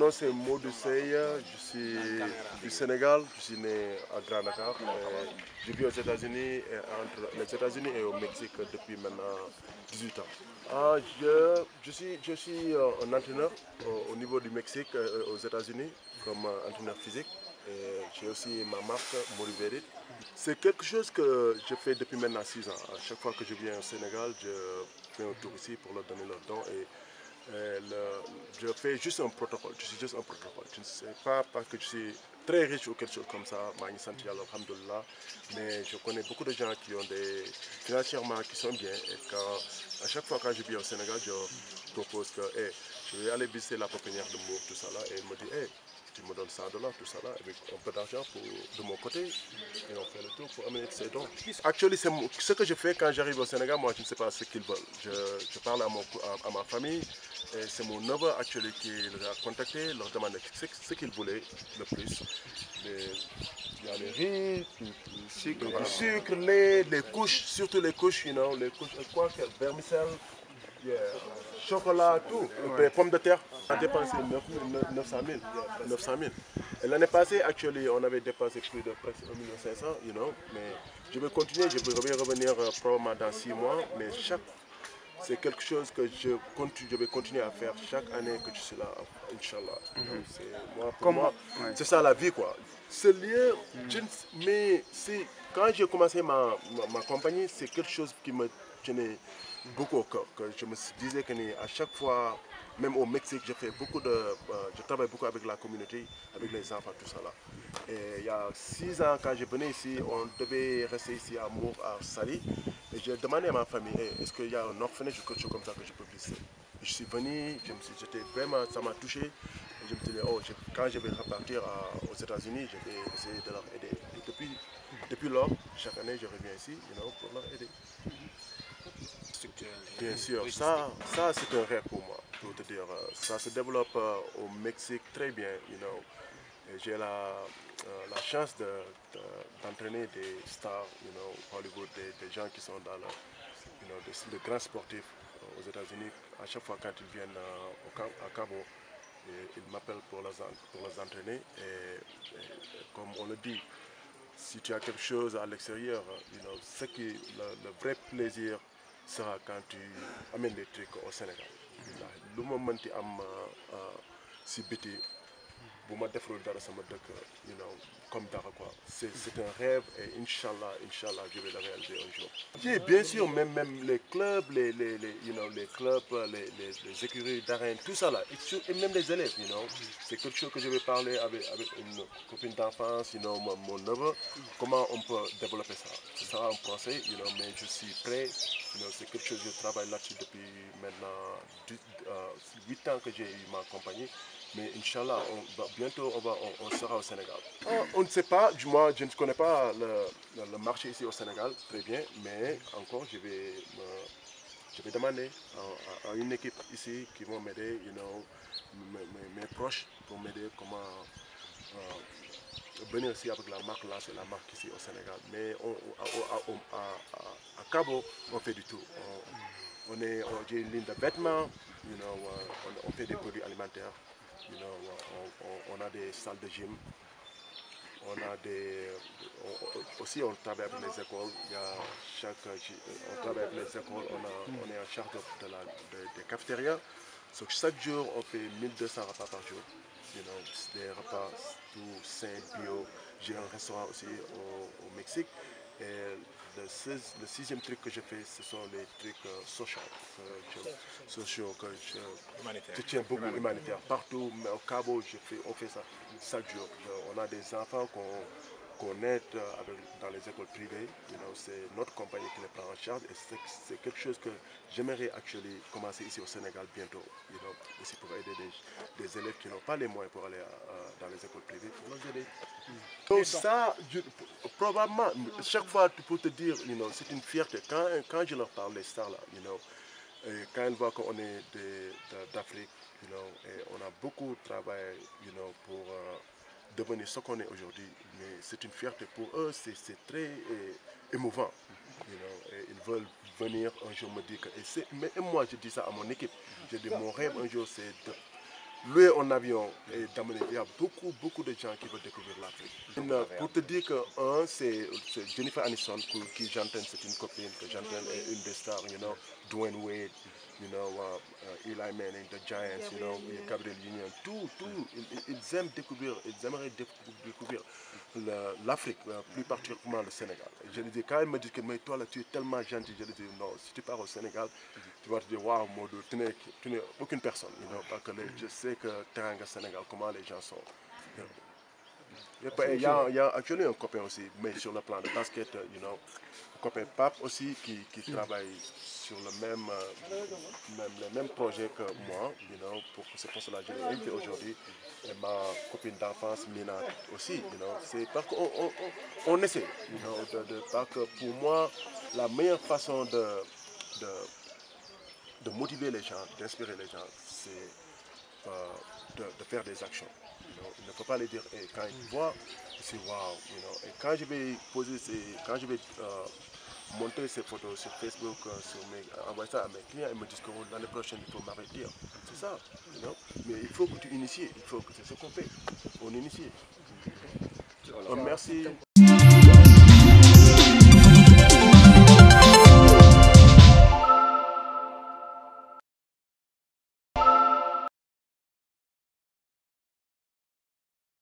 nom c'est Maudou je suis du Sénégal, je suis né à Grand Dakar. Je vis aux États-Unis, entre les États-Unis et au Mexique depuis maintenant 18 ans. Ah, je, je, suis, je suis euh, un entraîneur au, niveau du Mexique, euh, aux États-Unis, comme euh, entraîneur physique. J'ai aussi ma marque Moriverit. C'est quelque chose que je fais depuis maintenant 6 ans. À chaque fois que je viens au Sénégal, je fais un tour ici pour leur donner leur don et euh, je fais juste un protocole, je suis juste un protocole. Je ne sais pas parce que je suis très riche ou quelque chose comme ça, mais je connais beaucoup de gens qui ont des financièrement qui sont bien et quand, à chaque fois quand je viens au Sénégal, je propose que je vais aller visiter la pépinière de Mour, tout ça là, et il me dit, tu me donnes 100 dollars, tout ça là, avec un peu d'argent de mon côté, et on fait le tour pour amener ces dons. Actuellement, ce que je fais quand j'arrive au Sénégal, moi je ne sais pas ce qu'ils veulent. Je, parle à, mon, à, ma famille, et c'est mon neveu actuellement qui les a contactés, leur demande ce qu'ils voulaient le plus. Les, il y a les riz, le sucre, les, couches, surtout les couches, you les couches, quoi, vermicelle. Chocolat, tout. les ben, Pommes de terre. On a dépensé 900 000. 900 l'année passée, actuellement on avait dépensé plus de 1 500 000, you know. Mais je vais continuer, je vais revenir euh, probablement dans 6 mois. Mais chaque c'est quelque chose que je, continue, je vais continuer à faire chaque année que je suis là, Inch'Allah. Mhm. C'est ça la vie quoi. Ce lieu mhm. mais quand j'ai commencé ma, ma, ma compagnie, c'est quelque chose qui me tenait beaucoup au cœur. je me disais qu'à chaque fois, même au Mexique, je, fais beaucoup de, euh, je travaille beaucoup avec la communauté, avec les enfants, tout ça il y a six ans, quand je venais ici, on devait rester ici à Mour, à Sali. Et j'ai demandé à ma famille, eh, est-ce qu'il y a un orphelinage ou quelque chose comme ça que je peux visiter Je suis venu, vraiment, ça m'a touché. je me suis oh, quand je vais repartir aux États-Unis, je vais essayer de leur aider. depuis, depuis lors, chaque année, je reviens ici pour leur aider. Bien sûr, ça, ça c'est un rêve pour moi, pour te dire. Euh, ça se développe euh, au Mexique très bien, you know. J'ai la, euh, chance d'entraîner des stars, you know, Hollywood, des, gens qui sont dans le, you know, grands sportifs aux États-Unis. À chaque fois quand ils viennent au, à Cabo, ils m'appellent pour les, pour les entraîner. Et, comme on le dit, si tu as quelque chose à l'extérieur, you know, c'est le vrai plaisir sera quand tu amènes les trucs au Sénégal. lu ma mënti am euh, euh, si biti. ma dans ma you know comme dara quoi c'est un rêve et inchallah inchallah je vais le réaliser un jour bien sûr même même les clubs les les you know les clubs les écuries d'arène tout ça là et même les élèves you know c'est quelque chose que je vais parler avec une copine d'enfance you mon, neveu comment on peut développer ça Ce sera un conseil mais je suis prêt c'est quelque chose que je travaille là-dessus depuis maintenant 8 ans que j'ai eu ma compagnie. Mais Inch'Allah, bientôt on, va, on, sera au Sénégal. Oh, on, ne sait pas, du moins je ne connais pas le, marché ici au Sénégal très bien, mais encore je vais, je vais demander à, une équipe ici qui vont m'aider, you know, mes, proches pour m'aider comment euh, venir aussi avec la marque là, c'est la marque ici au Sénégal. Mais Cabo, on fait du tout. On, on est, une ligne de vêtements, euh, on, fait des produits alimentaires, euh, on, a des salles de gym, on a des, aussi on travaille avec les écoles, euh, on travaille les écoles, on, est en charge de, la, des chaque jour, on fait 1200 repas par jour. You des repas tout sains, bio. J'ai un restaurant aussi au, Mexique. Le, sixième truc que je fais, ce sont les trucs sociaux, sociaux que je, tiens beaucoup humanitaire. Partout, mais au Cabo, je fais, on fait ça Ça dure. Euh, on a des enfants qu'on aide euh, dans les écoles privées. c'est notre compagnie qui les prend en charge et c'est quelque chose que j'aimerais actually commencer ici au Sénégal bientôt. You aussi pour aider des, élèves qui n'ont pas les moyens pour aller euh, dans les écoles privées, les donc ça, probablement, chaque fois, tu peux te dire, you know, c'est une fierté. Quand, quand je leur parle de ça, là, you know, quand ils voient qu'on est d'Afrique, you know, on a beaucoup travaillé you know, pour euh, devenir ce qu'on est aujourd'hui, mais c'est une fierté pour eux, c'est très euh, émouvant. You know, ils veulent venir un jour me dire que... Et mais, moi, je dis ça à mon équipe. Je dis, mon rêve un jour, c'est de lui en avion Il y a beaucoup, beaucoup de gens qui veulent découvrir l'Afrique. Euh, pour te dire que, un, c'est Jennifer Aniston, qui, j'entends, c'est une copine, que j'entends, une des stars, you know, Dwayne Wade, you know, euh, il euh, Eli Manning, the Giants, Gabriel you know, Union. Gabriel Union, tout, tout. Ils, aiment découvrir, ils aimeraient découvrir l'Afrique, euh, plus particulièrement le Sénégal. Je lui dis, quand il me dit que mais toi là, tu es tellement gentil, je lui dis non, si tu pars au Sénégal, tu vas te dire, waouh, Modo, tu n'es aucune personne. You know, que les, je sais que un Sénégal, comment les gens sont. Mm-hmm. Il y a, il y a, a actuellement un copain aussi, mais sur le plan de basket, euh, you know, copain Pape aussi qui, qui mm. travaille sur le même, euh, même, le même projet que moi, pour c'est pour cela que je aujourd'hui. Et ma copine d'enfance, Mina aussi, c'est parce qu'on on, essaie, de, parce que pour moi, la meilleure façon de, de, motiver les gens, d'inspirer les gens, c'est euh, de, faire des actions. Il ne faut pas les dire, et quand ils voient c'est waouh. You know? Et quand je vais poser, ces, quand je vais euh, monter ces photos sur Facebook, euh, sur mes, euh, envoyer ça à mes clients, ils me disent que l'année oh, prochaine, il faut m'arrêter. Hein. C'est ça. Mais il faut que tu inities, il faut que c'est ce qu'on fait. On initie. merci.